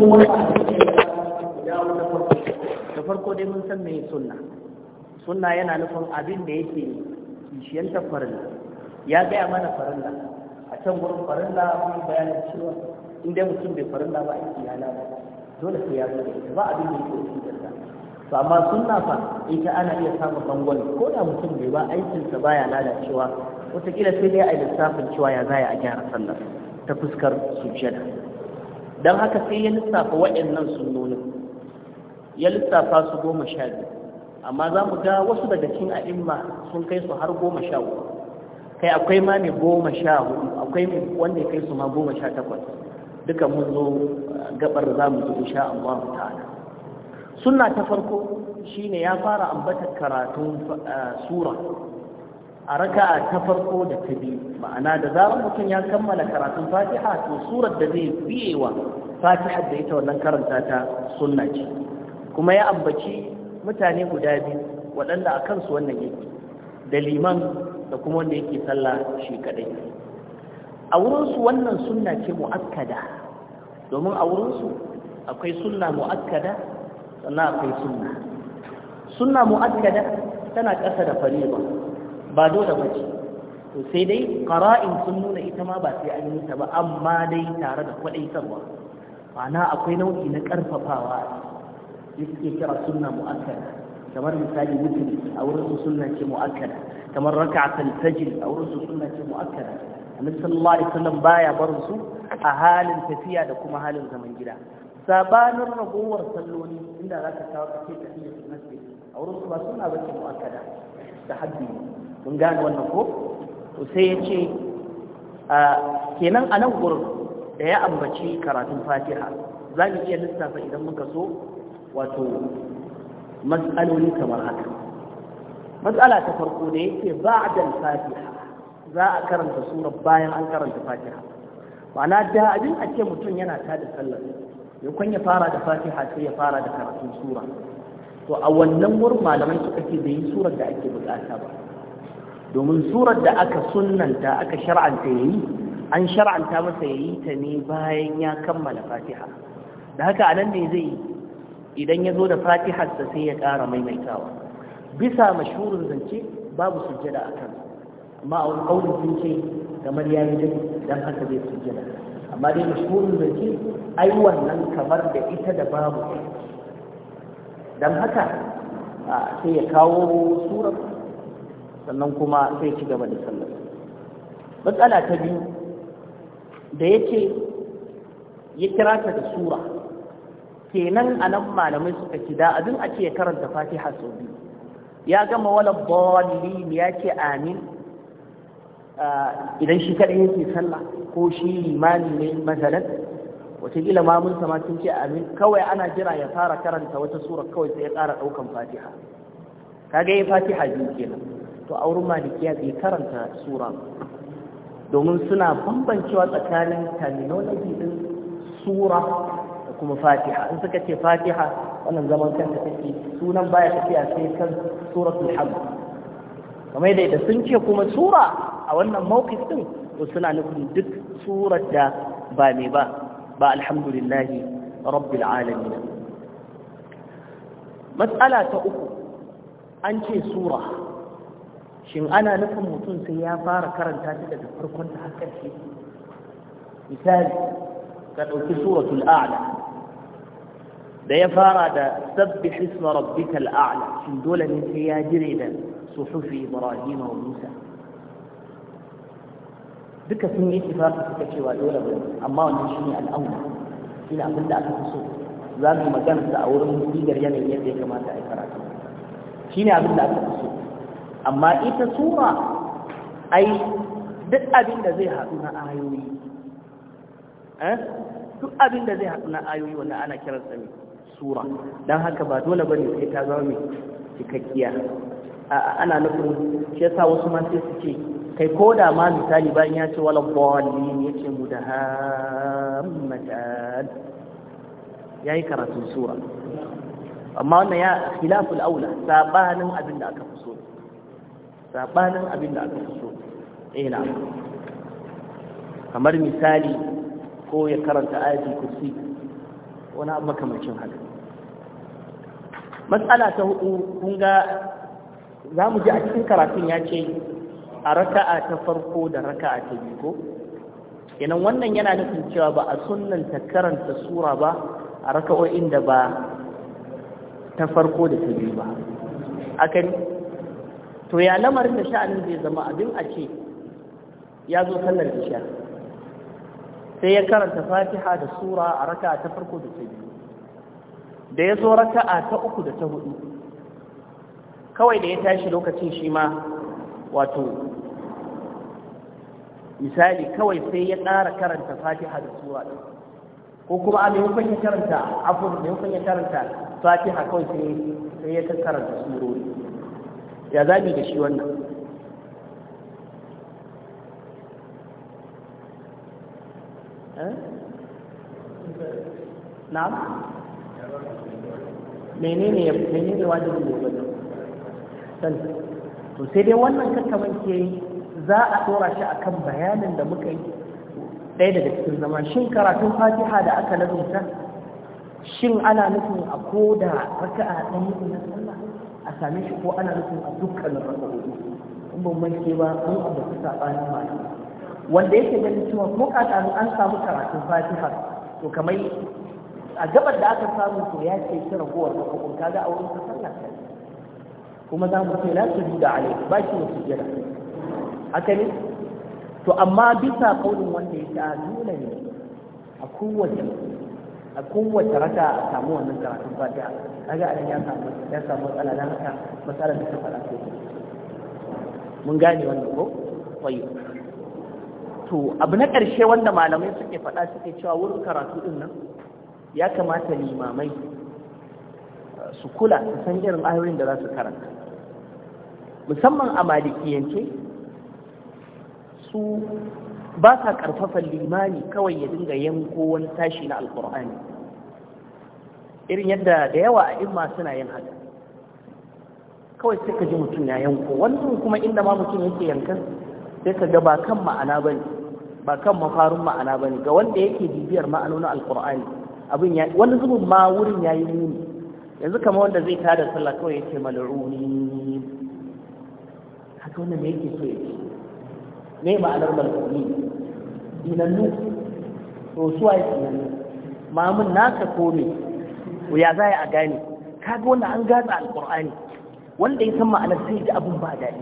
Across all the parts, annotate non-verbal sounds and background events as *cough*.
da farko dai mun san mai sunna sunna yana nufin abin da yake kishiyantar farilla ya gaya mana farilla a can wurin farilla mun bayanin cewa inda mutum bai farilla ba aiki ya ba. dole sai ya zo da ita ba abin da yake da to amma sunna fa ita ana iya samun bangon ko da mutum bai ba aikinsa baya lalacewa wataƙila sai dai a lissafin cewa ya zaya a gyara sallar ta fuskar sujjada don haka sai ya lissafa waɗannan sunnonin ya lissafa su goma sha biyu amma za mu ga wasu daga cikin a'imma sun kai su har goma sha uku kai akwai ma mai goma sha hudu akwai wanda ya kai su ma goma sha takwas duka mun zo uh, gabar za mu zo sha amma mu ta'ala sunna ta farko shine ya fara ambata karatun uh, sura a raka ta farko da ta biyu ma'ana da zarar mutum ya kammala karatun fatiha to surar da zai biyewa fatiha da ita wannan karanta ta sunna ce kuma ya ambaci mutane guda biyu waɗanda a kansu wannan yake da liman da kuma wanda yake sallah shi kaɗai a wurinsu wannan sunna ce mu'akkada domin a wurinsu akwai sunna mu'akkada sannan akwai sunna sunna mu'akkada tana ƙasa da fariba ba dole ba ce to sai dai ƙara'in sun nuna ita ma ba sai an yi ta ba amma dai tare da kwaɗaitarwa ma'ana akwai nau'i na ƙarfafawa da suke kira sunna mu'akkada kamar misali mutum a wurin su sunna ce mu'akkada kamar raka'atul fajr a wurin su sunna ce mu'akkada annabi sallallahu alaihi wasallam baya barin su a halin tafiya da kuma halin zaman gida sabanin ragowar salloni inda za ka kawo kake tafiya su masjid a wurin su ba suna bace mu'akkada da haddi mun gane wannan ko to sai ya ce kenan a nan gurin da ya ambaci karatun fatiha za mu iya lissafa idan muka so wato matsaloli kamar haka matsala ta farko da yake ba'dal fatiha za a karanta sura bayan an karanta fatiha ma'ana da abin a ce mutum yana tada sallar yankon ya fara da fatiha sai ya fara da karatun sura to a wannan wurin malaman suka ce bai yi surar da ake bukata ba domin surar da aka sunanta aka shar'anta yayi an shar'anta masa yayi ta ne bayan ya kammala fatiha da haka anan ne zai idan ya zo da sa sai ya ƙara maimaitawa bisa mashhurin zance babu sujjada a kan amma a wani ƙaunin sun ce kamar ya yi dai don haka zai sujjada amma dai mashhurin zance ai wannan kamar da ita da babu don haka sai ya kawo surar sannan kuma sai ci gaba da sallar matsala ta biyu da ya ce ya kira ta da sura kenan a nan malamai suka ci da abin a ce ya karanta fatiha sau biyu ya gama wala dalilin ya ce amin idan shi kaɗai yake sallah ko shi limani ne masalan wataƙila ma sama sun ce amin kawai ana jira ya fara karanta wata sura kawai sai ya ƙara ɗaukan fatiha kaga ya fatiha biyu kenan to a malikiya bai karanta sura domin suna bambancewa tsakanin terminology din sura da kuma fatiha in suka ce fatiha wannan zaman kanta take sunan baya tafiya sai kan suratul hamd kamar da sun ce kuma sura a wannan mawqif din to suna nufin duk surar da ba me ba ba alhamdulillahi rabbil alamin matsala ta uku an ce sura shin ana nufin mutum sai ya fara karanta shi daga farkon ta har ƙarshe misali ka ɗauki suratul a'la da ya fara da sabbih isma rabbikal a'la shin dole ne sai ya jire da suhufi ibrahima wa musa duka sun yi ittifaqi suka cewa dole ba amma wannan shine al'aula ina abin da aka so za mu magana a wurin sigar yanayin yadda ya kamata a yi karatu shine abin da aka so amma ita sura ai duk abin da zai haɗu na ayoyi eh, duk abin da zai haɗu na ayoyi wanda ana kiran sa sura don haka ba dole bane sai ta zama mai cikakkiya ana nufin shi yasa wasu ma sai su ce kai ko da ma misali bayan ya ce wala ne ya ce mu da hamadan ya yi karatun sura amma wannan ya khilaful aula sabanin abin da aka fi so sabanin abin da aka fi so ina eh, kamar misali ko ya karanta ayati kursi wani abu makamancin haka matsala ta hudu kun ga za mu ji a cikin karatun ya ce a raka'a ta farko da raka'a ta biyu ko kenan wannan yana nufin cewa ba a ta karanta sura ba a raka'o'in da ba ta farko da ta biyu ba akan to ya lamarin da sha'anin zai zama abin a ce ya zo sallar isha sai ya karanta fatiha da sura a raka ta farko da ta biyu da ya zo raka'a ta uku da ta hudu kawai da ya tashi lokacin shi ma wato misali kawai sai ya ƙara karanta fatiha da sura ɗin ko kuma a maimakon ya karanta abu da maimakon ya karanta fatiha kawai sai ya karanta surori ya zami da shi wannan eh? na'am menene ya menene wajibi da wajen san to sai dai wannan ke za a tsora shi a kan bayanin da muka yi ɗaya daga cikin zama shin karatun fatiha da aka nazarta shin ana nufin a koda raka'a ɗaya ne na sallah a same shi ko ana nufin a dukkanin raka'o'i in ban manke ba mun abu sabanin malami wanda yake ganin cewa ko kakanin an samu karatun fatiha to kamar a gabar da aka samu to ya ce kira gowar da kuma kaga a wurin ka sallah kuma za mu ce la su da alai ba shi wasu jira haka ne to amma bisa kaunin wanda ya ta nuna ne a kowace a kowace rata a samu wannan karatun fatiha kaga ga ya samu ya samu matsala dan haka matsalar da ta fara ko mun gane wannan ko tayyib to abu na ƙarshe wanda malamai suke faɗa suke cewa wurin karatu din nan ya kamata limamai eh, su kula su san irin ayoyin da za su karanta musamman a malikiyance su ba sa ƙarfafa limani kawai ya dinga yanko wani tashi na alƙur'ani irin yadda da yawa a imma suna yin haka kawai sai ka ji mutum ya yanko wannan kuma inda ma mutum yake yankan sai ka ga ba kan ma'ana ba ne ba kan mafarin ma'ana ba ne ga wanda yake bibiyar ma'anonin alƙur'ani abin ya wani zubin ma wurin ya yi nuni yanzu kama wanda zai tada sallah kawai yake malaruni haka wanda me yake so ya ce ne ma'anar mal'uni Dinannu, to su waye tsinannu mamun naka ko ya za a gane kaga wannan an gatsa Alƙur'ani. wanda ya san ma'anar sai ji abun ba daɗi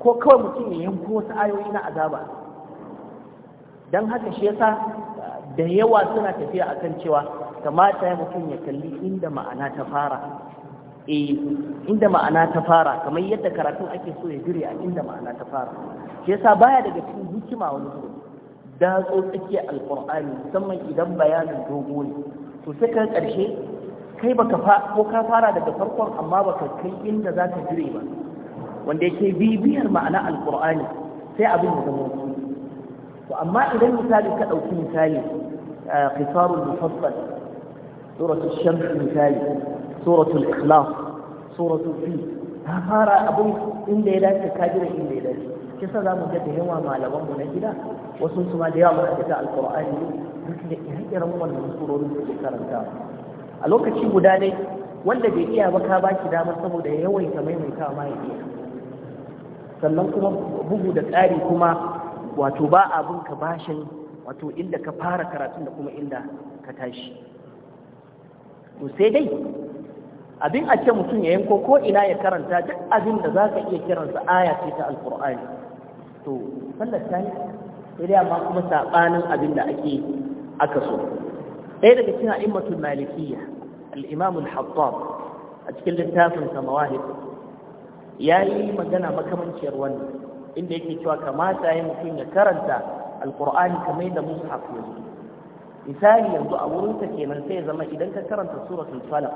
ko kawai mutum ya yanko wasu ayoyi na azaba dan haka shi yasa da yawa suna tafiya akan cewa kamata ya mutum ya kalli inda ma'ana ta fara eh inda ma'ana ta fara kamar yadda karatun ake so ya jire a inda ma'ana ta fara shi yasa baya daga cikin hikima wani so da tso tsakiya alqur'ani musamman idan bayanin dogo ne to sai ka karshe kai baka fa ko ka fara daga farkon amma baka kai inda zaka jire ba wanda yake bibiyar ma'ana alqur'ani sai abin da zama to amma idan misali ka dauki misali eh, qisarul mufassal suratul shams misali suratul ikhlas suratul fi ta fara abin inda ya dace ka jira inda ya dace kisa za mu ga da yawa malaman mu na gida wasu su ma da yawa masu da alqur'ani duk da irin wannan surorin da ke karanta a lokaci guda ne wanda bai iya ba ka baki dama saboda ya yawaita maimaita ma ya iya sannan kuma bugu da tsari kuma wato ba abin ka bashin wato inda ka fara karatun da kuma inda ka tashi to sai dai abin a ce mutum ya yanko ko ina ya karanta duk abin da za ka iya kiransa aya ce ta alkur'ani to sallar ta ne sai dai amma kuma saɓanin abin da ake aka so ɗaya daga cikin a'immatul malikiyya al-imam al-hattab a cikin littafin sa mawahib yayi magana makamanciyar wannan inda yake cewa kamata ya mutum ya karanta alkur'ani kamar da mushaf yanzu misali yanzu a wurin ta kenan sai ya zama idan ka karanta suratul falaq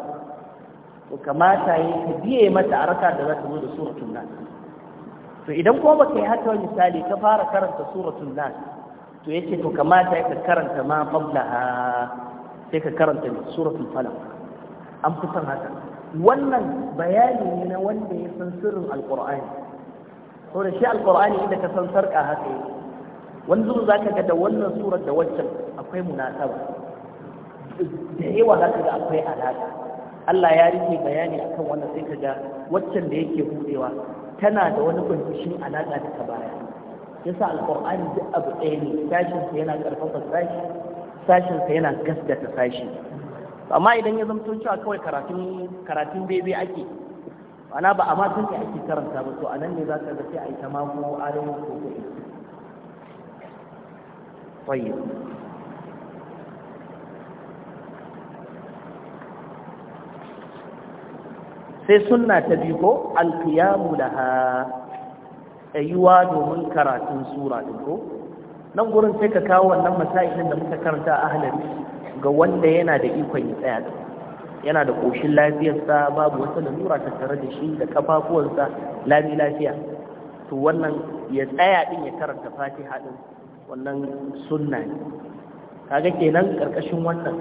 to kamata yi ka biye mata a raka da za ta zo da suratul nas to idan kuma baka yi haka misali ka fara karanta suratun nas to yace to kamata ka karanta ma qablaha sai ka karanta suratun falaq an fi son haka wannan bayani ne na wanda ya san sirrin alqur'ani to da shi alqur'ani inda ka san sarka haka yake wanzu zaka ga da wannan surar da waccan akwai munasaba da yawa zaka ga akwai alaƙa. Allah ya rike bayani akan wannan sai kaga waccan da yake hudewa tana da wani bincin alaka da ta baya yasa alqur'ani duk abu ɗaya ne sashin sa yana karfafa sashi sashin sa yana gaskata sashi amma idan ya zama cewa kawai karatun karatun bebe ake ana ba amma tun ake karanta ba to anan ne za ka ga sai a yi ta mako arewa ko kuɗi. Tayyib. sai sunna ta biyu ko alkiyamu yi wa domin karatun sura ɗin ko nan gurin sai ka kawo wannan masailin da muka karanta a ahalari ga wanda yana da ikon ya tsaya yana da ƙoshin lafiyarsa babu wata lalura ta tare da shi da kafafuwansa lami lafiya to wannan ya tsaya ɗin ya karanta fatiha haɗin wannan sunna ne kaga kenan ƙarƙashin wannan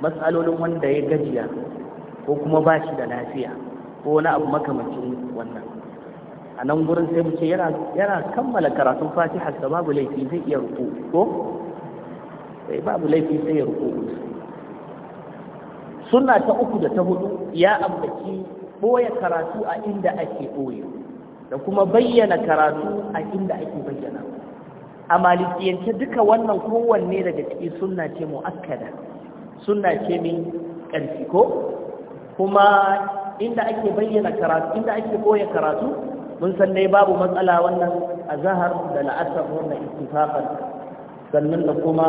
matsalolin wanda ya gajiya ko kuma ba shi da lafiya ko wani abu makamacin wannan a nan gurin sai mu ce yana kammala karatun fatiha da babu laifi zai iya ruku ko sai eh, babu laifi sai ya ruku suna ta uku da ta hudu ya ambaci boye karatu a inda ake boye da kuma bayyana karatu a inda ake bayyana a malikiyance duka wannan kowanne daga ciki suna ce mu'akkada suna ce min ƙarfi ko kuma inda ake bayyana karatu inda ake koya karatu mun san dai babu matsala wannan azhar da la'asar wannan ittifaqan sannan da kuma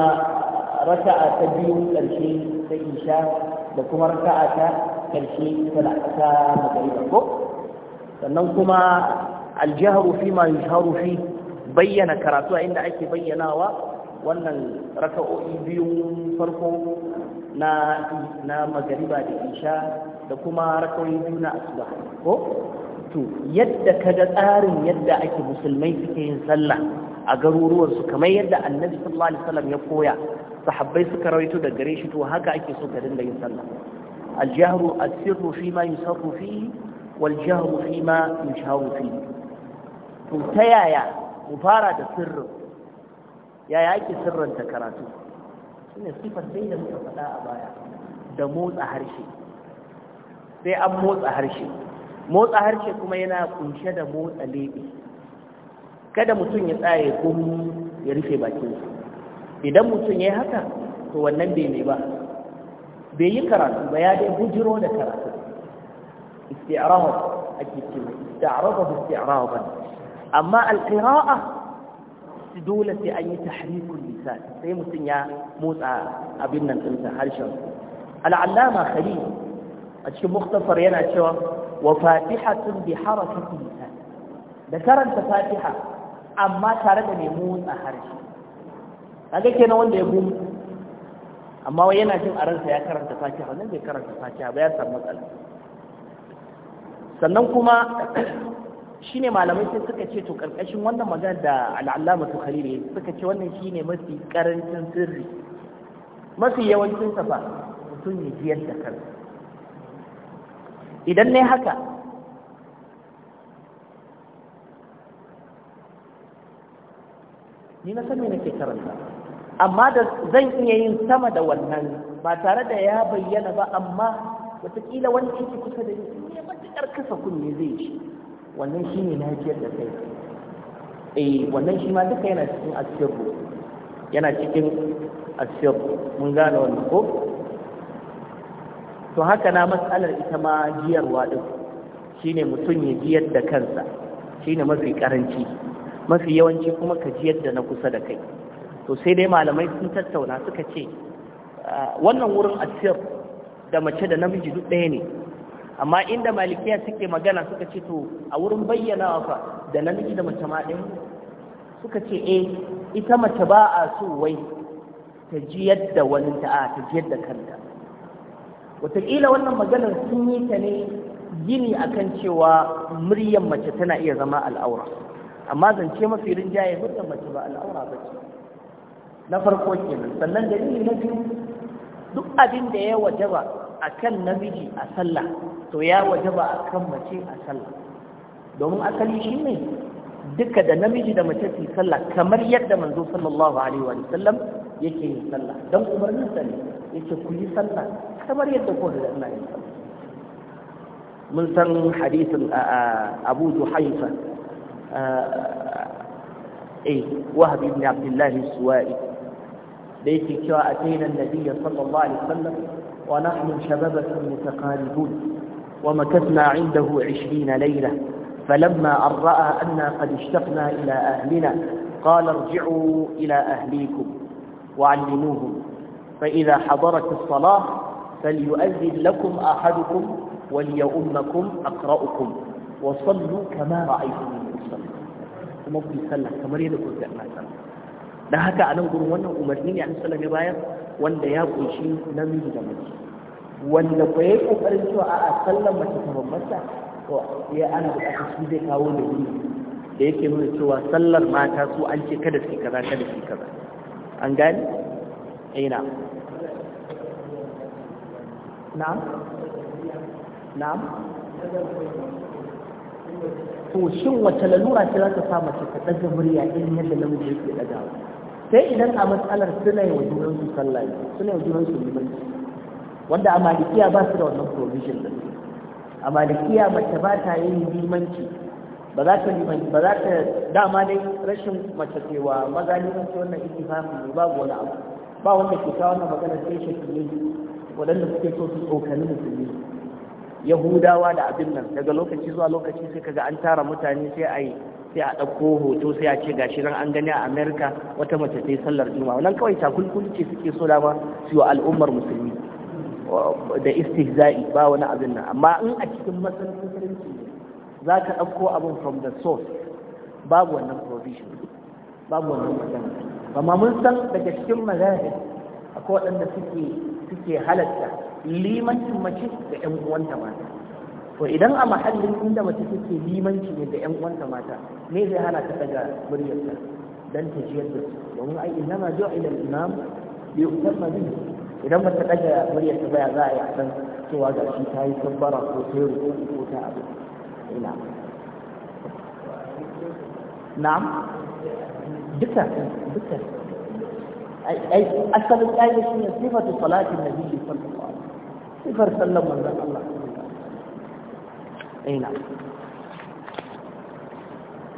raka'a ta biyu karshe ta isha da kuma raka'a ta karshe ta la'asa magariba ko sannan kuma aljahru fi ma yusharu fi bayyana karatu a inda ake bayyanawa wannan raka'o'i biyu farko na na magariba da isha da kuma rakawi juna asuba ko to yadda kaga tsarin yadda ake musulmai suke yin sallah a garuruwansu kamar yadda annabi sallallahu alaihi wasallam ya koya sahabbai suka rawaito da gare shi to haka ake so ka dinga yin sallah al-jahru as-sirru fi ma yusarru fi wal jahru fi ma fi to ta yaya mu fara da sirrin yaya ake ta karatu shine sifar da muka faɗa a baya da motsa harshe sai an motsa harshe motsa harshe kuma yana kunshe da motsa lebe kada mutum ya tsaye gumi ya rufe bakinsa idan mutum ya yi haka to wannan bai ne ba bai yi karatu ba ya dai bujiro da karatu isti'arahun ake cewa isti'arahun ba. amma alƙira'a dole sai an yi tahrikul lisan sai mutum ya motsa abin nan ɗinsa harshen al'allama khalil a cikin muktasar yana cewa wa fatihatun bi harakati lisan da karanta fatiha amma tare da nemo a harshe kaga kenan wanda ya gumu amma wai yana jin a ransa ya karanta fatiha nan bai karanta fatiha ba ya samu matsala sannan kuma *clears throat* shine malamai sai suka ce to karkashin wannan magana da al'allama su khalil suka ce wannan shine mafi karancin sirri mafi yawancin sa ba mutum ya jiyar da kansa idan ne haka ni na sani nake karanta amma da zan iya yin sama da wannan ba tare da ya bayyana ba amma wataƙila wani yake kusa da yin ne matuƙar kasa kunne zai ci wannan shi ne nahijiyar da sai eh wannan shi ma duka yana cikin asirru yana cikin asirru mun gane wannan ko to haka na matsalar ita ma jiyarwa ɗin ne mutum ya jiyar da kansa Shi ne mafi karanci mafi yawanci kuma ka jiyar da na kusa da kai to sai dai malamai sun tattauna suka ce wannan wurin asir da mace da namiji duk ɗaya ne amma inda malikiya suke magana suka ce to a wurin bayyana fa da namiji da mace ma suka ce e, ita mace ba a so wai ta jiyar da wani ta'a ta jiyar da kanta wataƙila wannan maganar sun yi ta ne gini akan cewa muryar mace tana iya zama al'aura amma zance mafi rinjaye muryar mace ba al'aura ba ce na farko kenan sannan dalili na biyu duk abin da ya wajaba akan namiji a sallah to ya wajaba akan mace a sallah domin asali shi ne duka da namiji da mace su sallah kamar yadda manzo sallallahu alaihi wa sallam yake yin sallah dan umarnin sa ne yake ku yi sallah kamar yadda ku da ina yin sallah mun san hadisin abu duhaifa eh wahab ibn abdullah suwa'i da yake cewa ataina annabiy sallallahu alaihi wasallam wa nahnu shababatun mutaqaribun ومكثنا عنده عشرين ليلة فلما أن رأى أنا قد اشتقنا إلى أهلنا قال ارجعوا إلى أهليكم وعلموهم فإذا حضرت الصلاة فليؤذن لكم أحدكم وليؤمكم أقرأكم وصلوا كما رأيتم يصلي kuma ku sallah kamar yadda kuka ga sallah dan haka a nan gurin wannan umarni ne annabi sallallahu baya wanda ya kunshi namiji da mace wanda ko yayi kokarin cewa a'a sallar mace ta bambanta to ya ana bukatar shi zai kawo da ni da yake nuna cewa sallar mata su an ce kada su kaza kada su kaza an gane ina eh, na'am na'am to shin wace lalura ce za ta sa mace ta ɗaga murya irin yadda namiji yake ɗaga? sai idan a matsalar suna yi wa junansu sallah suna yi wa junansu limanci wanda a malikiya ba su da wannan provision su, a malikiya mace ba ta yin limanci ba za ta limanci ba za ta dama dai rashin mace cewa maza limanci wannan ittifaqi babu wani abu ba wanda ke kawo wannan magana sai shakilai waɗanda suke so su tsokani musulmi yahudawa da abin nan daga lokaci zuwa lokaci sai kaga an tara mutane sai a yi sai a ɗauko hoto sai a ce gashi nan an gani a amerika wata mace ta yi sallar juma'a wannan kawai takulkuli ce suke so dama su yi al'ummar musulmi da istihza'i ba wani abin nan amma in a cikin matsalar musulunci za ka ɗauko abin from the source babu wannan provision babu wannan magana amma mun san daga cikin mazahir akwai waɗanda suke suke halatta limancin mace da ƴan uwanta mata to idan a mahallin inda mace take limanci ne da ƴan uwanta mata me zai hana ta daga muryarta dan ta jiyar da su domin ai innama ju'ila al-imam bi yutamma bihi idan mace daga muryarta baya za a yi san cewa ga shi ta yi tabbara ko ta yi rubutu ko ta abu ina na'am duka duka ai asalin ƙa'ida shine sifatu salatin nabi sallallahu alaihi sifar sallan manzon Allah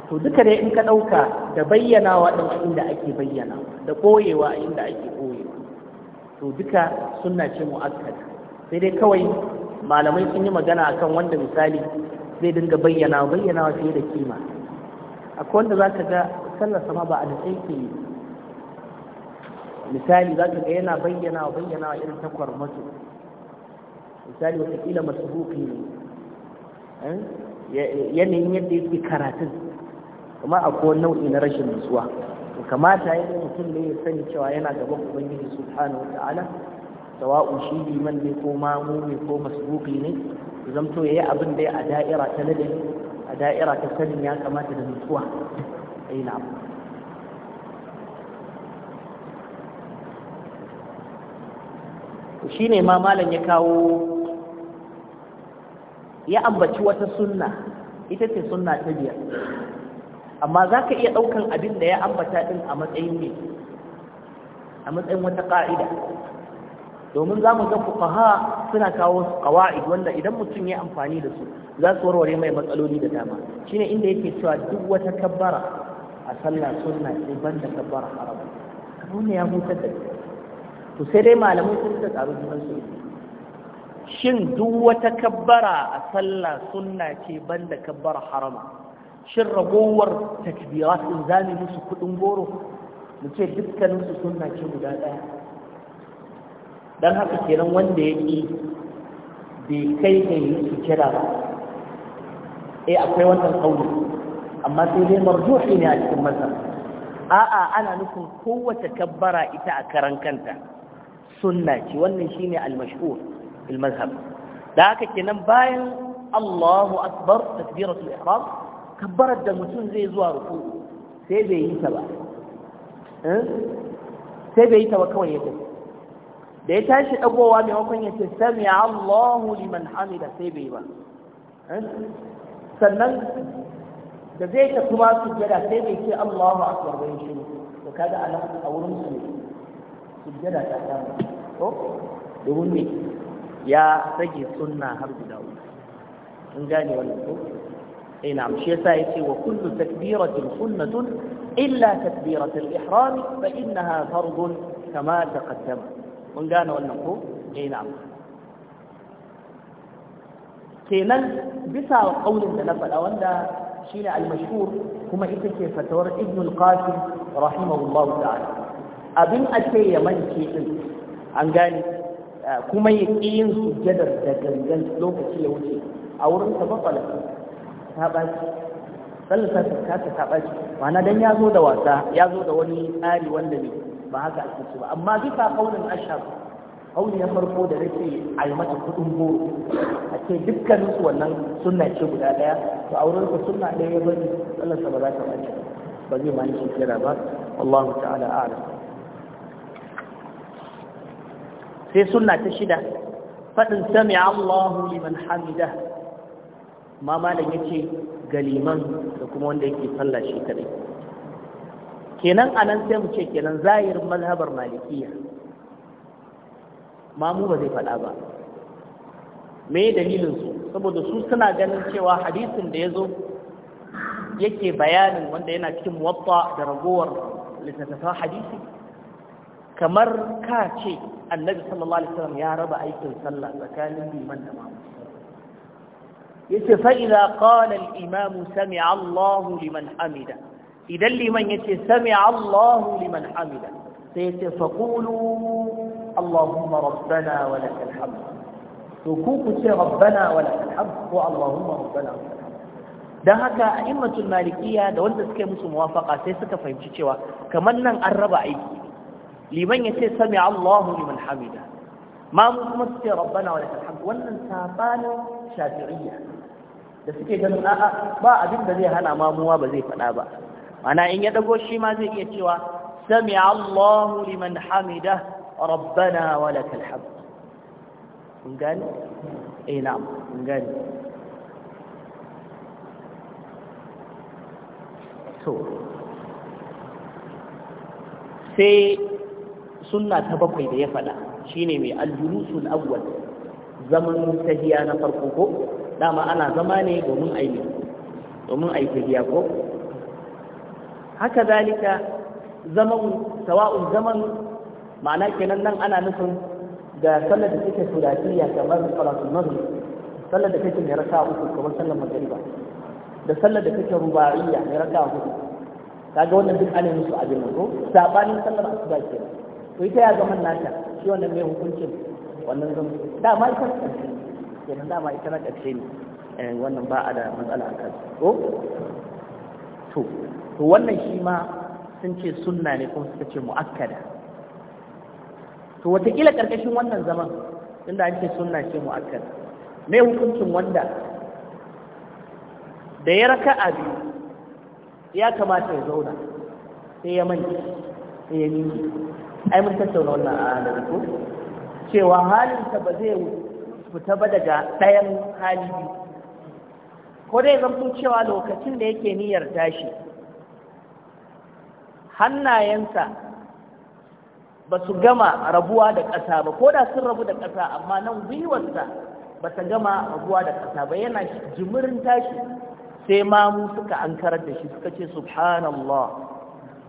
to duka dai in ka ɗauka da bayyanawa ɗin inda ake bayyana da ɓoyewa inda ake ɓoyewa to duka suna ce mu'akkad sai dai kawai malamai sun yi magana akan wanda misali zai dinga bayyana bayyanawa fiye da kima akwai wanda za ka ga sallar sama ba a da tsaye ne misali za ka ga yana bayyana wa bayyana wa irin takwar mutu misali watakila masu hufi ne eh? yanayin yadda yake karatun kuma akwai nau'i na rashin nutsuwa kamata ya yi mutum ne ya sani cewa yana gaban ubangiji subhanahu wa ta'ala wa'u shi liman ne ko mamu ne ko masbuki ne zamto yayi abin da ya a da'ira ta nadari a da'ira ta sanin ya kamata da nutsuwa اي نعم shi ne ma malam ya kawo ya ambaci wata sunna ita ce sunna ta biyar amma za ka iya ɗaukan abin da ya ambata ɗin a matsayin ne a matsayin wata ƙa'ida domin za mu ga fuqaha suna kawo ƙawa'id wanda idan mutum ya amfani da su za su warware mai matsaloli da dama shi ne inda yake cewa duk wata kabbara a sallah sunna ce ban da kabbar haram abu ne ya hutar da to sai dai malamai sun da tsaro junan su shin duk wata kabbara a sallah sunna ce ban da kabbar harama shin ragowar takbirat sun zami musu kudin goro mu ce dukkanin su sunna ce guda daya dan haka kenan wanda ya ki bai kai da yi su kira ba eh akwai wannan kauli amma sai dai marjuhi ne a cikin masar a'a ana nufin kowace kabbara ita a karan kanta sunna ce wannan shine al-mashhur al-mazhab da haka kenan bayan Allahu akbar takbiratul ihram kabbarar da mutum zai zuwa ruku sai bai yi ta ba sai bai yi ta ba kawai ya tafi da ya tashi dagowa mai maimakon ya ce sami Allahu liman hamida sai bai ba sannan da zai tafi ma sujjada sai bai ce Allahu akbar bai shi to kaga a nan a wurin su sujjada ta samu to domin me ya rage sunna har guda uku in gane wannan ko eh na'am shi yasa yace wa kullu takbiratin sunnatun illa takbiratul ihram fa innaha fardun kama taqaddama mun gane wannan ko eh na'am kenan bisa kaulin da na faɗa wanda shine al-mashhur kuma ita ce fatawar Ibn al-Qasim rahimahullahu ta'ala abin ake ya mance din an gane eh, kuma ya yin sujjadar da gangan lokaci ya wuce a wurin sa ba falaka ta baci sallata ta kasa ta baci ma'ana dan ya zo da wasa ya zo da wani tsari wanda ne ba haka ake ce ba amma bisa kaulin ashab kauli na farko da nake a yi mata kudin goro a ce dukkanin su wannan sunna ce guda daya to auren ku sunna ɗaya ya bari Allah sa ba za ta bace ba zai mani shi kira ba Allahu ta'ala a'lam sai sunna ta shida fadin sami Allahu liman hamida ma malam yace galiman da kuma wanda yake sallah shi kadai kenan anan sai mu ce kenan zahirin mazhabar malikiyya mamu ba zai faɗa ba me dalilin su saboda su suna ganin cewa hadisin da ya zo yake bayanin wanda yana cikin muwatta da ragowar littattafan hadisi kamar ka ce annabi sallallahu alaihi wasallam ya raba aikin sallah tsakanin liman da mamu ya ce idza qala imamu Allahu liman hamida idan liman yace sami'a Allahu liman hamida sai yace faƙulu. اللهم ربنا ولك الحمد وكوكو تي ربنا ولك الحمد هو اللهم ربنا ولك dan haka a immatul malikiya da wanda suka yi musu muwafaka sai suka fahimci cewa kamar nan an raba aiki liman ya ce sami Allahu liman hamida ma mu kuma su ce rabbana wa lakal hamd wannan sabanin shafi'iyya da suke ganin a'a ba abin da zai hana mamuwa ba zai faɗa ba ana in ya dago shi ma zai iya cewa sami Allahu liman hamida rabbana wa lakal hamd kun gani eh na'am to sai sunna ta bakwai da ya faɗa, shine mai aljulusul awwal zaman tafiya na farko ko dama ana zama ne domin aiki ko haka zalika zaman ma'ana kenan nan ana nufin da sallar da take sulatiyya kamar salatul maghrib sallar da take mai raka'a uku kamar sallar magriba da sallar da take ruba'iyya mai raka'a uku kaga wannan duk ana nufin abin nan ko sabanin sallar asuba kenan to ita ya zama nata shi wannan mai hukuncin wannan zama ma ita kenan ƙarshe kenan dama ita na ƙarshe ne eh, wannan ba a da matsala a ko to to wannan shi ma sun ce sunna ne kuma suka ce mu'akkada to wataƙila ƙarƙashin wannan zaman inda ake sunna ce mu'akkad me hukuncin wanda da ya raka abi ya kamata ya zauna sai ya manta sai ya nini ai mun tattauna wannan a da ko cewa halinsa ba zai fita ba daga ɗayan hali biyu ko dai zamto cewa lokacin da yake niyyar tashi hannayensa ba su gama rabuwa da ƙasa ba ko da sun rabu da ƙasa amma nan gwiwarsa ba ta gama rabuwa da ƙasa ba yana jimirin tashi sai mamu suka ankarar da shi suka ce subhanallah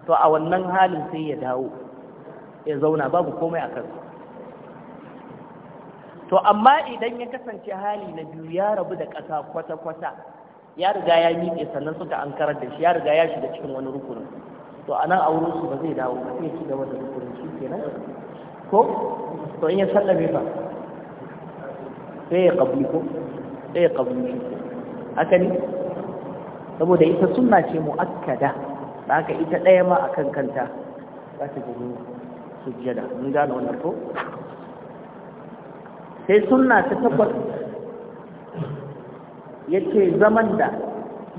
to a wannan halin sai ya dawo ya zauna babu komai a kansa to amma idan ya kasance hali na biyu ya rabu da ƙasa kwata-kwata ya riga ya miƙe sannan suka ankarar da shi ya riga ya shiga cikin wani rukunin to a nan a wurinsu ba zai dawo ba sai ya ci gaba da rukunin kenan ko to in ya sallame ba sai ya kabli ko sai ya kabli shi haka ne saboda ita sunna ce mu'akkada da haka ita ɗaya ma akan kanta za ta gudu sujjada mun gane wannan ko sai sunna ta tabbas yake zaman da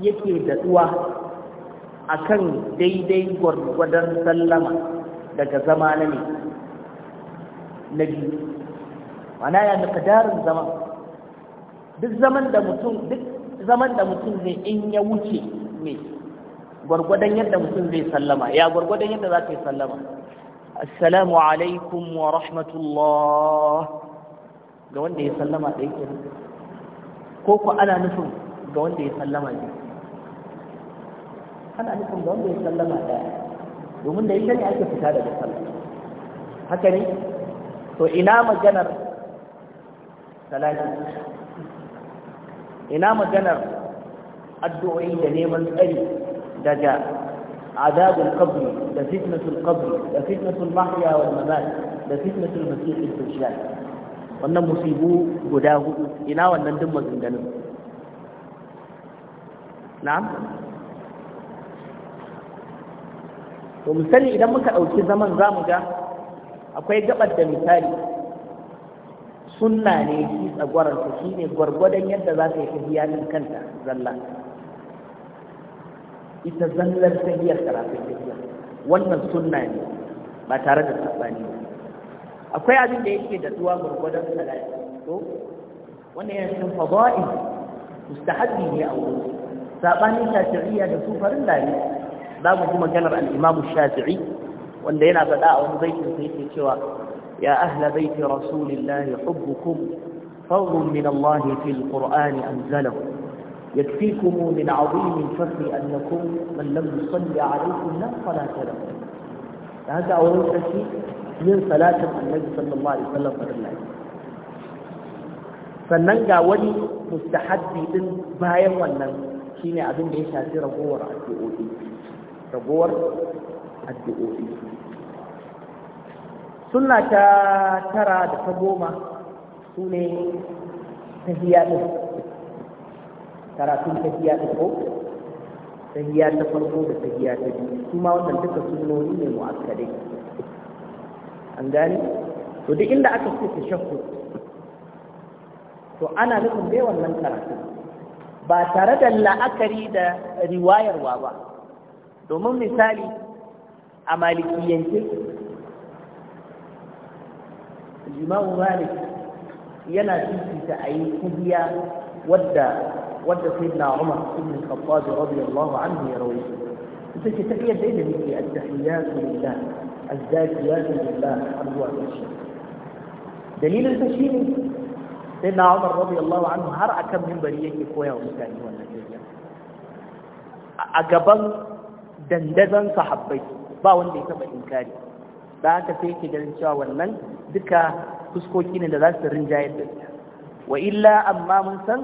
yake duwa akan daidai gwargwadon sallama daga zama na ne na biyu mana ya miƙdarin zama duk zaman da mutum duk zaman da mutum zai in ya wuce ne gwargwadon yadda mutum zai sallama ya gwargwadon yadda za ka yi sallama assalamu alaikum wa rahmatullah ga wanda ya sallama ɗaya ke ko ku ana nufin ga wanda ya sallama ne ana nufin ga wanda ya sallama ɗaya domin da ita ne ake fita daga sallah haka ne to ina maganar salati ina maganar addu'o'i da neman tsari daga azabul qabri da fitnatul qabri da fitnatul mahya wal mamat da fitnatul masih ad-dajjal wannan musibu guda hudu ina wannan duk maganganun na'am to misali idan muka ɗauki zaman za mu ga akwai gabar da misali sunna ne shi tsagwararsa shi ne gwargwadon yadda za ta yi tafiya din kanta zalla ita zallar tahiyar karatun tafiya wannan sunna ne ba tare da saɓani ba akwai abin da yake da tuwa gwargwadon salati to wannan yana cikin fada'i mustahabbi ne a wurin saɓanin shafi'iyya da su farin lari za mu ji maganar al'imamu shafi'i wanda yana faɗa a wani baitin sai yake cewa ya ahla baiti rasulillahi hubbukum fawrun min Allah fil qur'ani anzalahu يكفيكم من عظيم الفخر أنكم من لم يصلي عليكم لا صلاة له هذا أول شيء من صلاة النبي صلى الله عليه وسلم صلى الله عليه sannan ga wani mustahabbi din bayan wannan shine abin da ya shafi ragowar addu'o'i ragowar addu'o'i sunna ta tara da ta goma su ne tahiya ɗin karatun tahiya ɗin ko tahiya ta farko da tahiya ta biyu su ma wannan duka sunoni ne mu'akkadai an gani? to duk inda aka ce ta shakku to ana nufin bai wannan karatu ba tare da la'akari da riwayarwa ba domin misali a malikiyance limamu malik yana fifita a yi kubiya wadda wadda sai na umar ibn khattab radiyallahu anhu ya rawaito ita ce tafiyar da muke at-tahiyatu lillah az-zakiyatu lillah har zuwa ƙarshe dalilin ta shine sai na umar radiyallahu anhu har akan minbari yake koya wa mutane wannan tafiya a gaban dandazon sahabbai ba wanda ya taba inkari da haka sai ganin cewa wannan duka fuskoki ne da za su rinjayar da wa illa amma mun san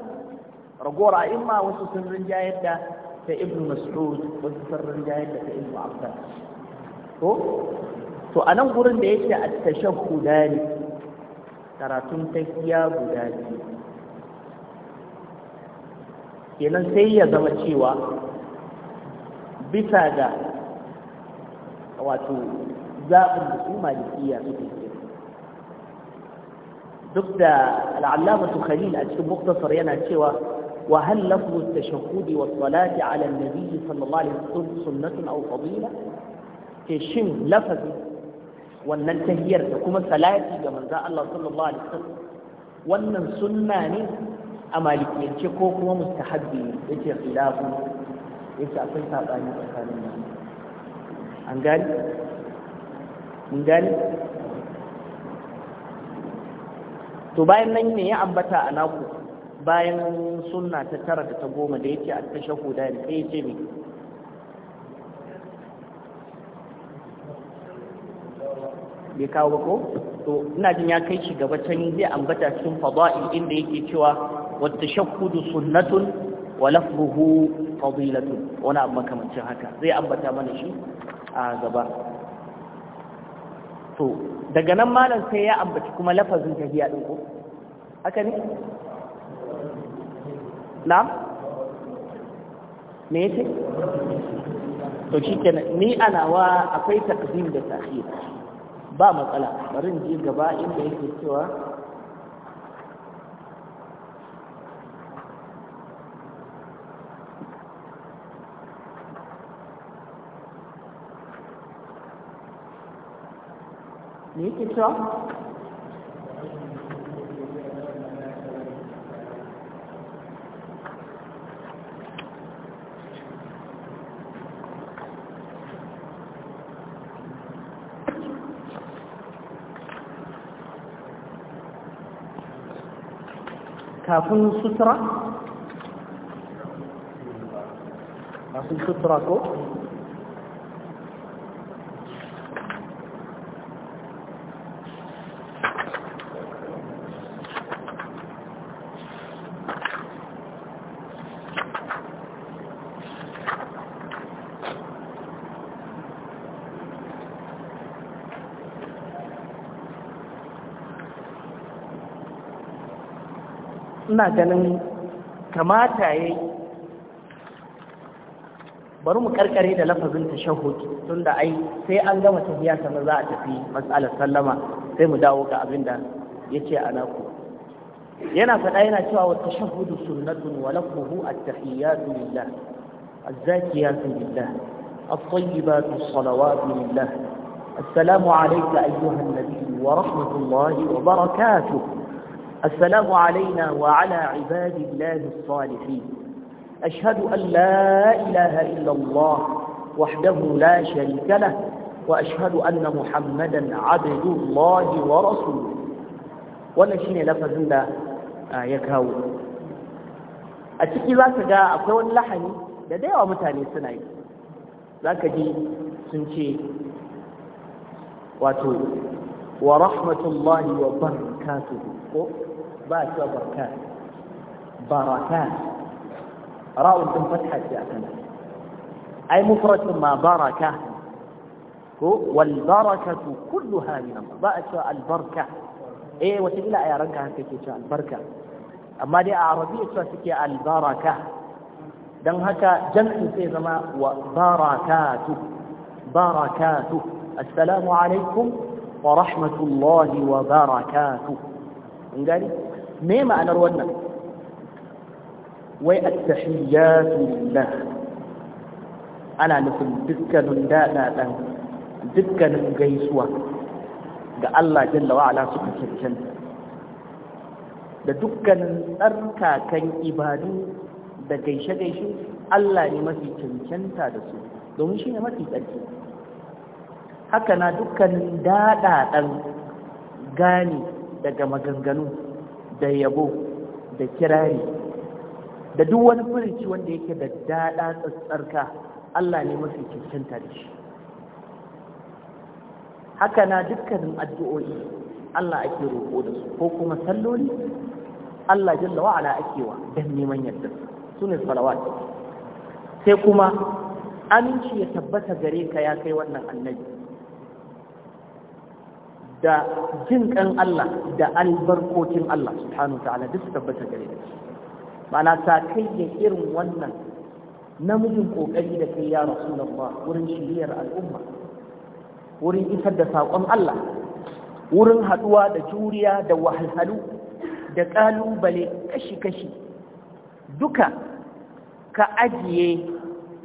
ragowar a'imma wasu sun rinjayar da ta ibn mas'ud wasu sun rinjayar da ta ibn abbas Ko, to a nan gurin da yake a tashahhuda ne karatun tafiya guda ne kenan sai ya zama cewa bisa ga wato zaɓin da su malikiya suke duk da su khalil a cikin muktasar yana cewa wa hal lafzu at-tashahhud wa as-salati 'ala an-nabi sallallahu alaihi wasallam sunnatun aw fadila ke shin lafazi wannan tahiyar da kuma salati ga manzo Allah sallallahu alaihi wasallam wannan sunna ne a malikiyance ko kuma mustahabbi yake khilafu yace akwai sabani tsakanin nan. an gani mun gani to bayan nan ne ya ambata a naku bayan suna ta tara da ta goma da yake a tashahuda ne sai ce ne bai kawo ba ko to ina jin ya kai shi gaba can zai ambata cikin fada'il inda yake cewa wata da sunnatun wa lafzuhu fadilatun wani abu makamancin haka zai ambata mana shi a gaba to daga nan malam sai ya ambaci kuma lafazin tafiya din ku? haka ne na me yake to kenan ni anawa akwai takdim da ta'khir ba matsala bari in je gaba inda yake cewa me yake cewa kafin sutura kafin sutura ko ina ganin kamata ya yi bari mu karkare da lafazin tashahhud tunda ai sai an gama tafiya sannan za a tafi mas'alar sallama sai mu dawo ga abin da yace a ku yana faɗa yana cewa wa tashahhudu sunnatun wa lafzuhu at-tahiyyatu lillah az-zakiyatu lillah الطيبات الصلوات لله السلام عليك أيها النبي ورحمة الله وبركاته السلام علينا وعلى عباد الله الصالحين أشهد أن لا إله إلا الله وحده لا شريك له وأشهد أن محمدا عبد الله ورسوله ونشين لفظ لا آه، يكهو أتكي ذاك جاء أقوى اللحن لديه ومتاني سنعي ذاك جي سنشي واتو ورحمة الله وبركاته باش وبركات بركات راو من فتحة جاءتنا أي مفرد ما بركة والبركة كلها من الله باش البركة إيه وتقول يا ركة هكي كي البركة أما دي عربية تسكي البركة دم هكا جمع في زما وبركاته بركاته السلام عليكم ورحمة الله وبركاته إن قال me ma'anar wannan wai at-tahiyyatu lillah ana nufin dukkanin daɗaɗan dukkanin gaisuwa ga Allah jalla wa ala suka cancanta da dukkanin tsarkakan ibadu da gaishe-gaishe Allah ne mafi cancanta da su domin shi ne mafi tsarki haka na dukkanin daɗaɗan gane daga maganganu da yabo da kirari da duk wani furici wanda yake da daɗa tsatsarka Allah ne mafi cancanta da shi haka na dukkanin addu'o'i Allah ake roƙo da su ko kuma salloli Allah jalla wa'ala wa, don neman yadda su ne salawat sai kuma aminci ya tabbata gare ka ya kai wannan annabi da jin kan Allah da albarkokin Allah subhanahu ta'ala duk tabbata gare da shi ta kai irin wannan namijin kokari da kai ya rasulullah wurin shiriyar al'umma wurin isar da saƙon Allah wurin haɗuwa da juriya da wahalhalu da ƙalubale kashi-kashi duka ka ajiye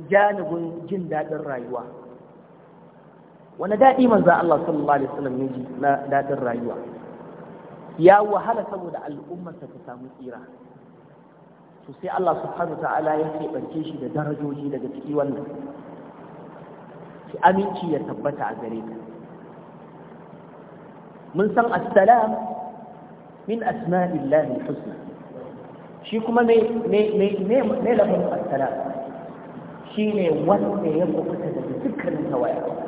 janibin jin daɗin rayuwa wani daɗi manzan Allah sallallahu alaihi wasallam ya ji na daɗin rayuwa ya wahala saboda al'ummarsa ta samu tsira to sai Allah subhanahu ta'ala ya keɓance shi da darajoji daga ciki wannan ki aminci ya tabbata a gare ka mun san assalam min asma'illahi husna shi kuma me ne me me me lafazin assalam ne wanda ya kubuta daga dukkanin tawaya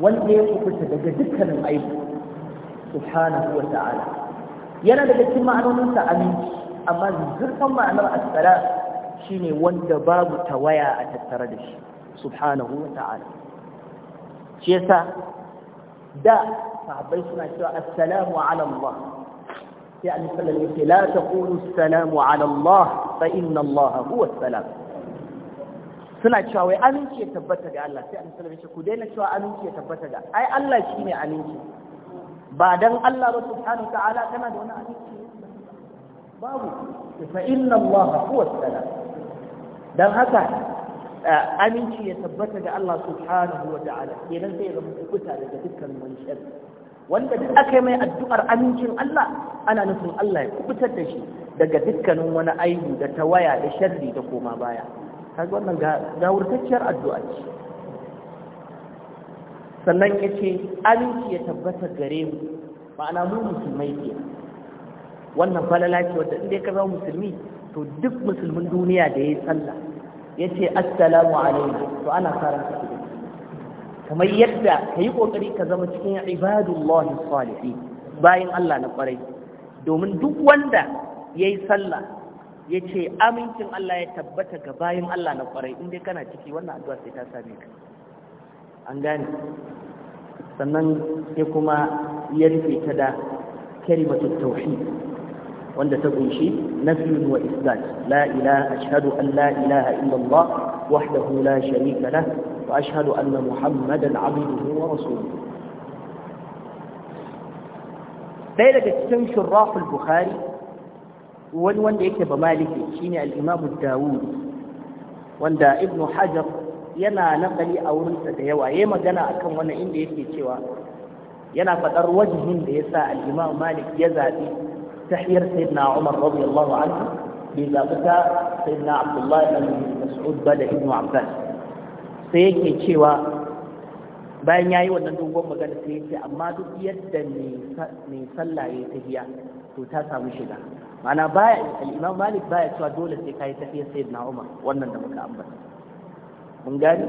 wanda ya kubuta daga dukkanin aiki subhanahu wa ta'ala yana daga cikin ma'anoninsa aminci amma zurfin ma'anar asala shine wanda babu tawaya a tattare da shi subhanahu wa ta'ala shi yasa da sahabbai suna cewa assalamu ala Allah sai annabi sallallahu alaihi wasallam la taqulu assalamu ala Allah fa inna Allah huwa assalam suna cewa wai aminci ya tabbata ga Allah sai annabi sallallahu ku daina cewa aminci ya tabbata ga ai Allah shine aminci ba dan Allah ba subhanahu ta'ala kana da wani aminci babu fa inna Allah huwa salam dan haka eh, aminci ya tabbata ga Allah subhanahu wa ta'ala kenan sai ya zama kubuta daga dukkan wani sharri wanda duk aka yi mai addu'ar amincin Allah ana nufin Allah ya kubutar da shi daga dukkanin wani aibu da tawaya da sharri da koma baya kaga wannan ga wurtacciyar addu'a ce sannan ya ce aminci ya tabbatar gare mu ma'ana mu musulmai ke wannan falala ce wadda inda ka zama musulmi to duk musulmin duniya da ya yi sallah ya ce assalamu alaikum to ana fara kamar yadda ka yi ƙoƙari ka zama cikin ibadullahi salihi bayan Allah na ƙwarai domin duk wanda ya yi sallah ya ce amincin Allah ya tabbata ga bayan Allah na kwarai inda kana ciki wannan addu'a sai ta same ka an Gani sannan ya kuma ya rufe ta da kalimatut tauhid wanda ta kunshi nafiyun wa isbat la ilaha ashhadu an la ilaha illallah wahdahu la sharika lah wa ashhadu anna muhammadan abduhu wa rasuluhu ɗaya daga cikin shurrahul bukhari wani wanda yake ba maliki shine al-imam dawud wanda ibnu hajar yana nakali a wurinsa da yawa ya magana akan wani inda yake cewa yana faɗar wajihin da ya al-imam malik ya zabi tahiyar sayyidina umar radiyallahu anhu bai zabi ta sayyidina abdullahi ibn mas'ud ba da ibnu abbas sai yake cewa bayan ya yi wannan dogon magana sai ya amma duk yadda mai sallah ya tafiya to ta samu shiga mana baya al-imam malik baya cewa dole sai kai tafiyar sayyidina umar wannan da muka ambata mun gani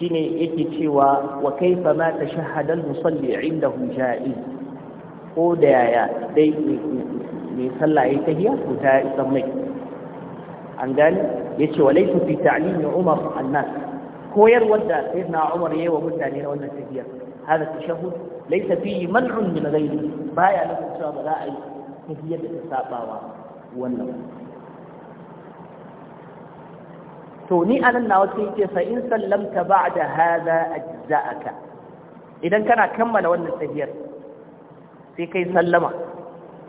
shine yake cewa wa kaifa ma tashahhada al-musalli indahu ja'iz ko da yaya dai mai sallah yayi tahiyya ko ta isa mai an gani yace wa laysa fi ta'limi umar an-nas wanda da sayyidina umar yayi wa mutane na wannan tahiyyar hada tashahhud laysa fihi man'un min ghayri baya nufin cewa ba za a yi tahiyar da ta sabawa wannan to ni anan nawa sai ce fa in sallamta ba'da hadha ajza'aka idan kana kammala wannan tahiyar sai kai sallama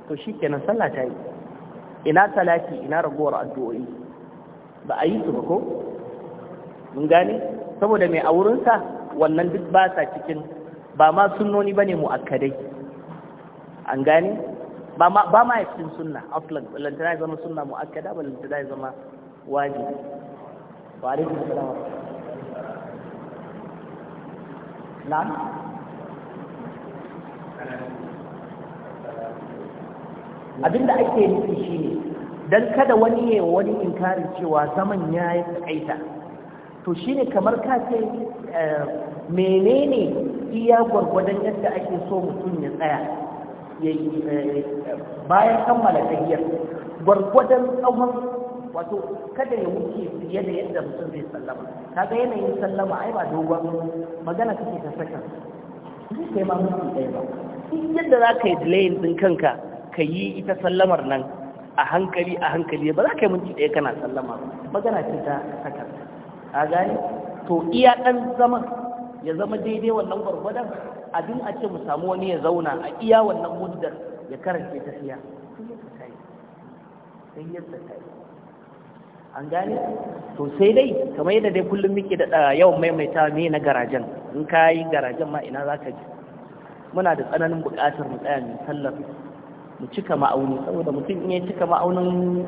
to shikenan sallah ta yi ina salati ina ragowar addu'o'i ba a yi su ba ko mun gane saboda mai a wurinsa wannan duk ba sa cikin ba ma sunnoni ba ne mu'akkadai an gane ba ma ba ma cikin suna aflan lantana ya zama suna muakkada ba lantana ya zama wajibi wa suna assalam na? abinda ake nufi ne, don kada wani ya wani inkarin cewa zaman ya yi tsaita to shi ne kamar ka ce eh, menene iya gwargwadon yadda ake so mutum ya tsaya Eh, bayan kammala tahiyar gwargwadon tsawon wato kada ya wuce fiye da yadda mutum zai sallama ga yanayin sallama ai ba dogon magana kake ta saka zai kai ma mutum ɗaya ba yadda za ka yi delayin ɗin kanka ka yi ita sallamar nan a hankali a hankali ba za ka yi minti ɗaya kana sallama magana ce ta saka a gane to iya ɗan zama ya zama daidai wannan gwargwadon abin a ce mu samu wani ya zauna a iya wannan muddar ya karanta ta siya sai yadda ta yi an gane to sai dai kamar yadda dai kullum muke da yawan maimaita me na garajen in ka yi garajen ma ina za ka ji muna da tsananin buƙatar mu tsaya mu sallar mu cika ma'auni saboda mutum in ya cika ma'aunin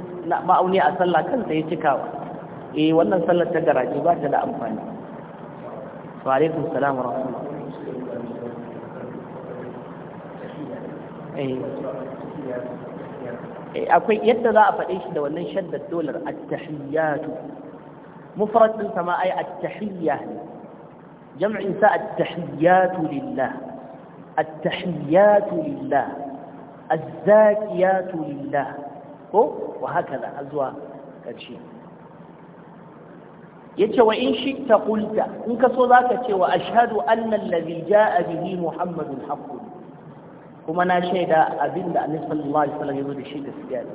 ma'auni a sallah kansa ya cikawa eh wannan sallar ta garaje ba ta da amfani wa alaikum salam wa rahmatullah akwai yadda za a faɗe shi da wannan shaddar dolar attahiyatu mufrad din sama ai attahiyya ne jam'in sa attahiyatu lillah attahiyatu lillah azzakiyatu lillah ko wa hakaza azwa karshe yace wa in shi'ta qulta in ka so zaka ce wa ashhadu anna allazi jaa bihi muhammadun haqqun kuma na shaida abin da annabi sallallahu alaihi wasallam ya zo da shi gaskiya ne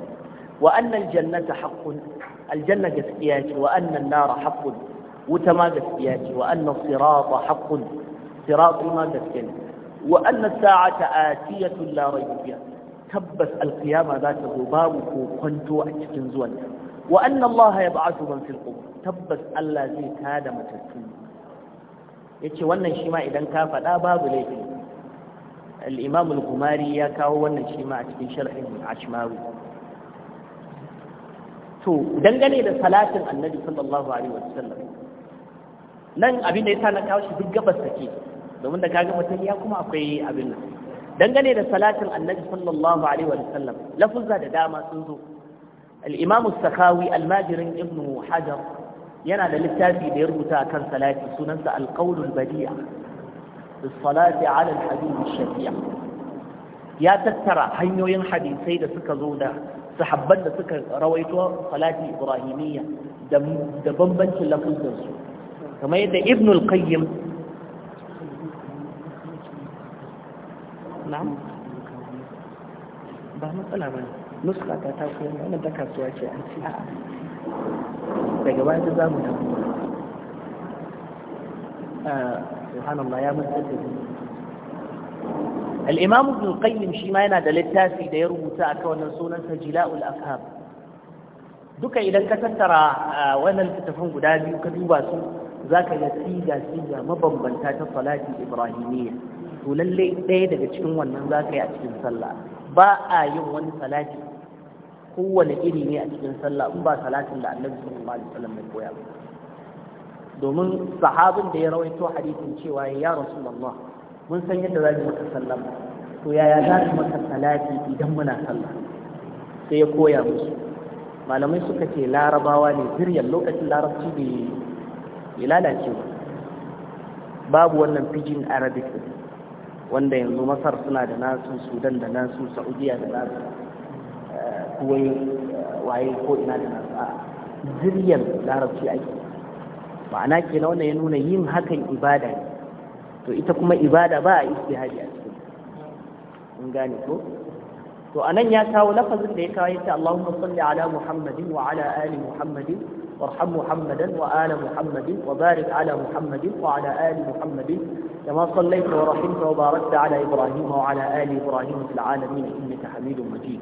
wa annal jannata haqqun aljanna gaskiya ce wa annan nara haqqun wuta ma gaskiya ce wa annan sirata haqqun siratu ma gaskiya ne wa annan sa'ata atiyatun la rayba fiha tabbas alqiyama za ta zo babu ko kwanto a cikin zuwan wa anna Allah yab'athu man fil qubur tabbas Allah zai tada matattu yace wannan shi ma idan ka faɗa babu laifi al-imam kumari ya kawo wannan shi ma a cikin sharhin ashmawi to dangane da salatin annabi sallallahu alaihi wasallam nan abin da yasa na kawo shi duk gabas take domin da kaga mutum ya kuma akwai abin nan dangane da salatin annabi sallallahu alaihi wasallam lafuzza da dama sun zo al-imam almajirin Ibn al hajar yana da littafi da ya rubuta akan salati sunansa al-qaulul badi'a الصلاة على الحديث الشفيع يا تترى هنيوين حديثي ده سكا زودا صحبان ده سكا رويتوا صلاة إبراهيمية ده بمبنس لكم ترسو كما يدى ابن القيم نعم بها مسألة من نسخة تتاوكي أنا ذكرت سواجي أنسي بقى واحد subhanallah ya mutsar da ni al-imam ibn qayyim shi yana da littafi da ya rubuta akan wannan sunan sa jila'ul afham duka idan ka tattara wannan littafin guda biyu ka duba su zaka ga siga siga mabambanta ta salati ibrahimiyya to lalle ɗaya daga cikin wannan zaka yi a cikin sallah ba a yin wani salati kowane iri ne a cikin sallah in ba salatin da annabi sallallahu alaihi wasallam ya koya ba domin sahabin da ya rawaito hadisin cewa ya rasulullah mun san yadda za mu maka sallama to yaya za mu maka salati idan muna sallah sai ya koya musu malamai suka ce larabawa ne ziryar lokacin larabci bai lalace ba babu wannan pidgin arabic wanda yanzu masar suna da nasu sudan da nasu saudiya da nasu eh, kuwai eh, waye ko ina da nasu a larabci ake ma'ana kenan wannan ya nuna yin hakan ibada ne to ita kuma ibada ba a isti a cikin in gane ko to anan ya kawo lafazin da ya kawo yace Allahumma salli ala Muhammadin wa ala ali Muhammadin warham Muhammadan wa ala Muhammadin wa barik ala Muhammadin wa ala ali Muhammadin kama sallaita wa rahimta wa barakta ala Ibrahim wa ala ali Ibrahim fil alamin innaka Hamidum Majid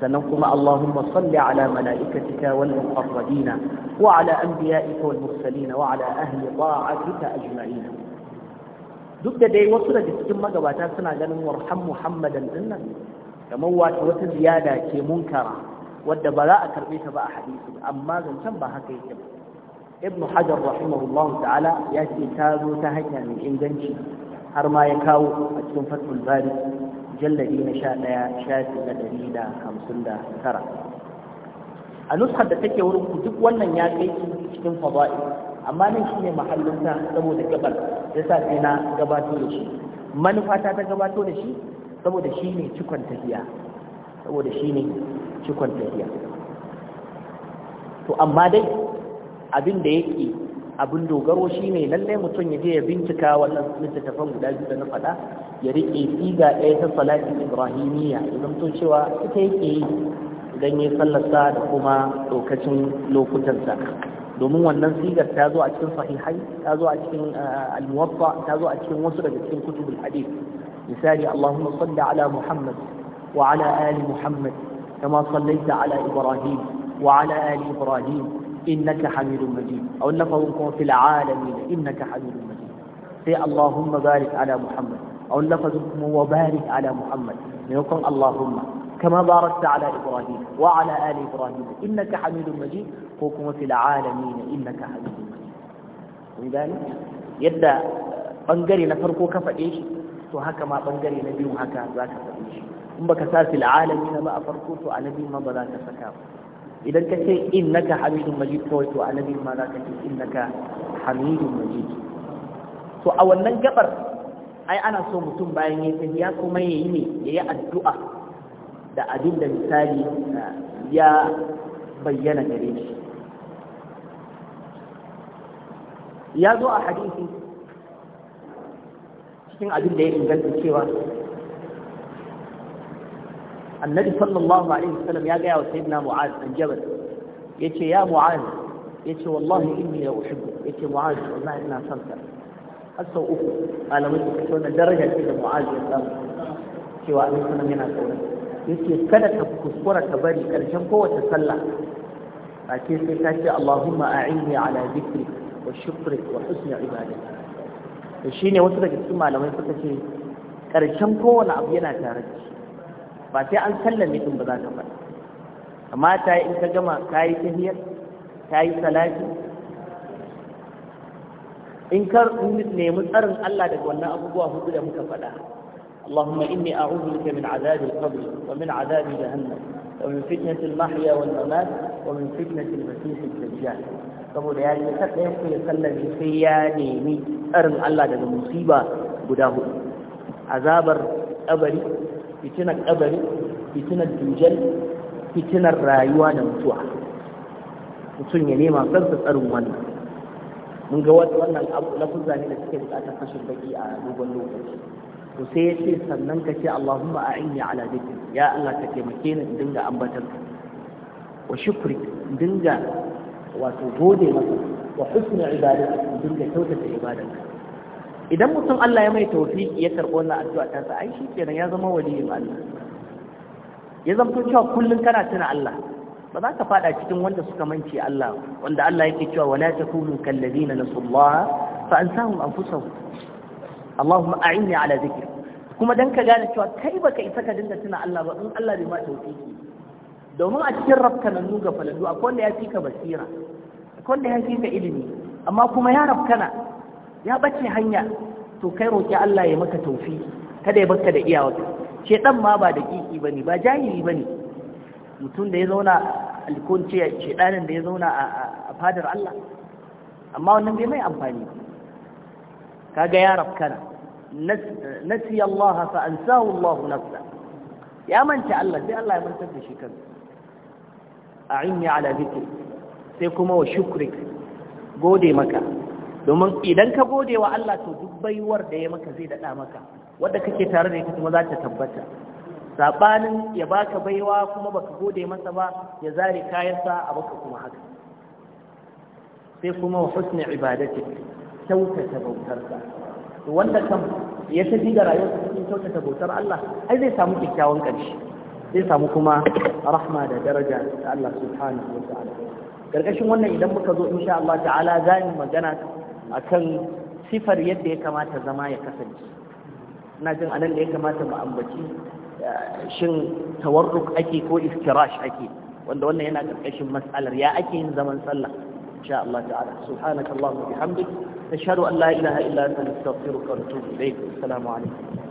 sannan kuma Allahumma salli ala mala'ikatika wal muqarrabina wa ala anbiya'ika wal mursalin wa ala ahli ta'atika ajma'in duk da dai wasu daga cikin magabata suna ganin warham Muhammadan dinnan kamar wata wata ziyada ce munkara wadda ba za a karbe ta ba a hadisi amma zancen ba haka yake ba ibnu hajar rahimahullahu ta'ala ya ce ta zo ta hanya mai inganci har ma ya kawo a cikin fatul bari Jallabi na sha ɗaya shafi na ɗari da hamsin da tara a nuskar da take wurin ku duk wannan ya kai cikin fada'i amma nan shi ne mahallinta saboda gabar ya sa sai na gabato da shi manufata ta gabato da shi saboda shi ne cikon tafiya saboda shi ne cikon tafiya to amma dai abin da yake abin dogaro shine lallai mutum ya je ya bincika wannan littattafan guda biyu da na faɗa ya riƙe siga ɗaya ta salatin ibrahimiyya idan zamto cewa ita yake yi idan ya da kuma lokacin lokutansa domin wannan sigar ta zo a cikin sahihai ta zo a cikin eh, almuwaffa ta zo a cikin wasu daga cikin kutubul hadith misali allahumma salli ala muhammad wa ala ali muhammad kama sallaita ala ibrahim wa ala ali ibrahim إنك حميد مجيد أو لفظكم في العالمين إنك حميد مجيد سي اللهم بارك على محمد أو لفظكم وبارك على محمد نقول اللهم كما باركت على إبراهيم وعلى آل إبراهيم إنك حميد مجيد وكما في العالمين إنك حميد مجيد ولذلك يدى بنجري na farko ka ما shi نبي haka ذاك ɓangare na biyu في العالمين ما faɗe shi in baka sa idan ka ce innaka hamidun majid kawai to annabi ma za ka ce innaka hamidun majid to a wannan gabar ai ana so mutum bayan ya tafi ya kuma yayi ne ya yi addu'a da abin da misali ya bayyana gare shi ya zo a hadisi cikin abin da ya inganta cewa annabi sallallahu alaihi wasallam ya gaya wa sayyidina mu'az an jabal yace ya mu'az yace wallahi inni la uhibbu yace mu'az wallahi ina son ka har uku malamai suka ce wannan daraja ce da mu'az ya samu cewa annabi sallallahu yana kauna yace kada ka kuskura ka bari karshen kowace sallah ake sai ka ce Allahumma a'inni ala dhikri wa shukri wa husni ibadati to shine wasu daga cikin malamai suka ce karshen kowane abu yana tare da shi ba sai an sallame din ba za ka faɗa amma ta in ka gama ka yi tahiyar ka yi salati in ka nemi tsarin Allah daga wannan abubuwa hudu da muka faɗa اللهم إني أعوذ بك من عذاب القبر ومن عذاب جهنم ومن فتنة المحيا والممات ومن فتنة المسيح الدجال saboda ya yi kada ya sallame sai ya nemi tsarin Allah daga musiba guda hudu azabar fitinar kabari fitinar dujal fitinar rayuwa da mutuwa mutum ya nema kansa tsarin wannan mun ga wannan abu. lafuzza ne da suke bukatar kashin baki a dogon lokaci to sai ya ce sannan ka ce Allahumma inni ala dhikri ya Allah ka taimake ni in dinga ambatar ka wa shukri in dinga wato gode maka wa husni ibadati in dinga kyautata ibadarka idan mutum Allah ya mai tawfiki ya karɓi wannan addu'a ta sa ai shikenan ya zama waliyin Allah ya zama zanto cewa kullum kana tuna Allah ba za ka fada cikin wanda suka mance Allah wanda Allah yake cewa wala takunu kal ladina nasullaha fa ansahum anfusahum Allahumma a'inni ala dhikri kuma dan ka gane cewa kai baka isa ka dinga tuna Allah ba in Allah bai ma tawfiki domin a cikin rafkananu ga Falalu, akwai wanda ya fi ka basira akwai wanda ya fi ka ilimi amma kuma ya rafkana ya bace hanya to kai roƙi Allah ya maka taufi kada ya baka da iyawa shedan ma ba da kiki bane ba jahili bane mutum da ya zauna alkon ce shedanin da ya zauna a fadar Allah amma wannan bai mai amfani kaga ya rafkana nasiya Allah fa ansahu Allah nafsa ya manta Allah sai Allah ya mantar da shi kansa a'inni ala dhikri sai kuma wa shukrik gode maka domin idan ka gode wa Allah to duk baiwar da ya maka zai daɗa maka wadda kake tare da ita kuma za ta tabbata saɓanin ya baka baiwa kuma baka gode masa ba ya zare kayansa a baka kuma haka sai kuma wa husni ibadati kyautata bautarsa wanda kan ya tafi da rayuwarsa cikin kyautata bautar Allah ai zai samu kyakkyawan ƙarshe zai samu kuma rahma da daraja da Allah subhanahu wa ta'ala karkashin wannan idan muka zo insha Allah ta'ala za mu magana akan sifar yadda ya kamata zama ya kasance ina jin anan da ya kamata mu ambaci eh, shin tawarruk ake ko iftirash ake wanda wannan yana ƙarƙashin matsalar, ya ake yin zaman sallah insha Allah ta'ala subhanakallahumma bihamdik nashhadu an la ilaha illa anta nastaghfiruka wa natubu ilayk assalamu alaikum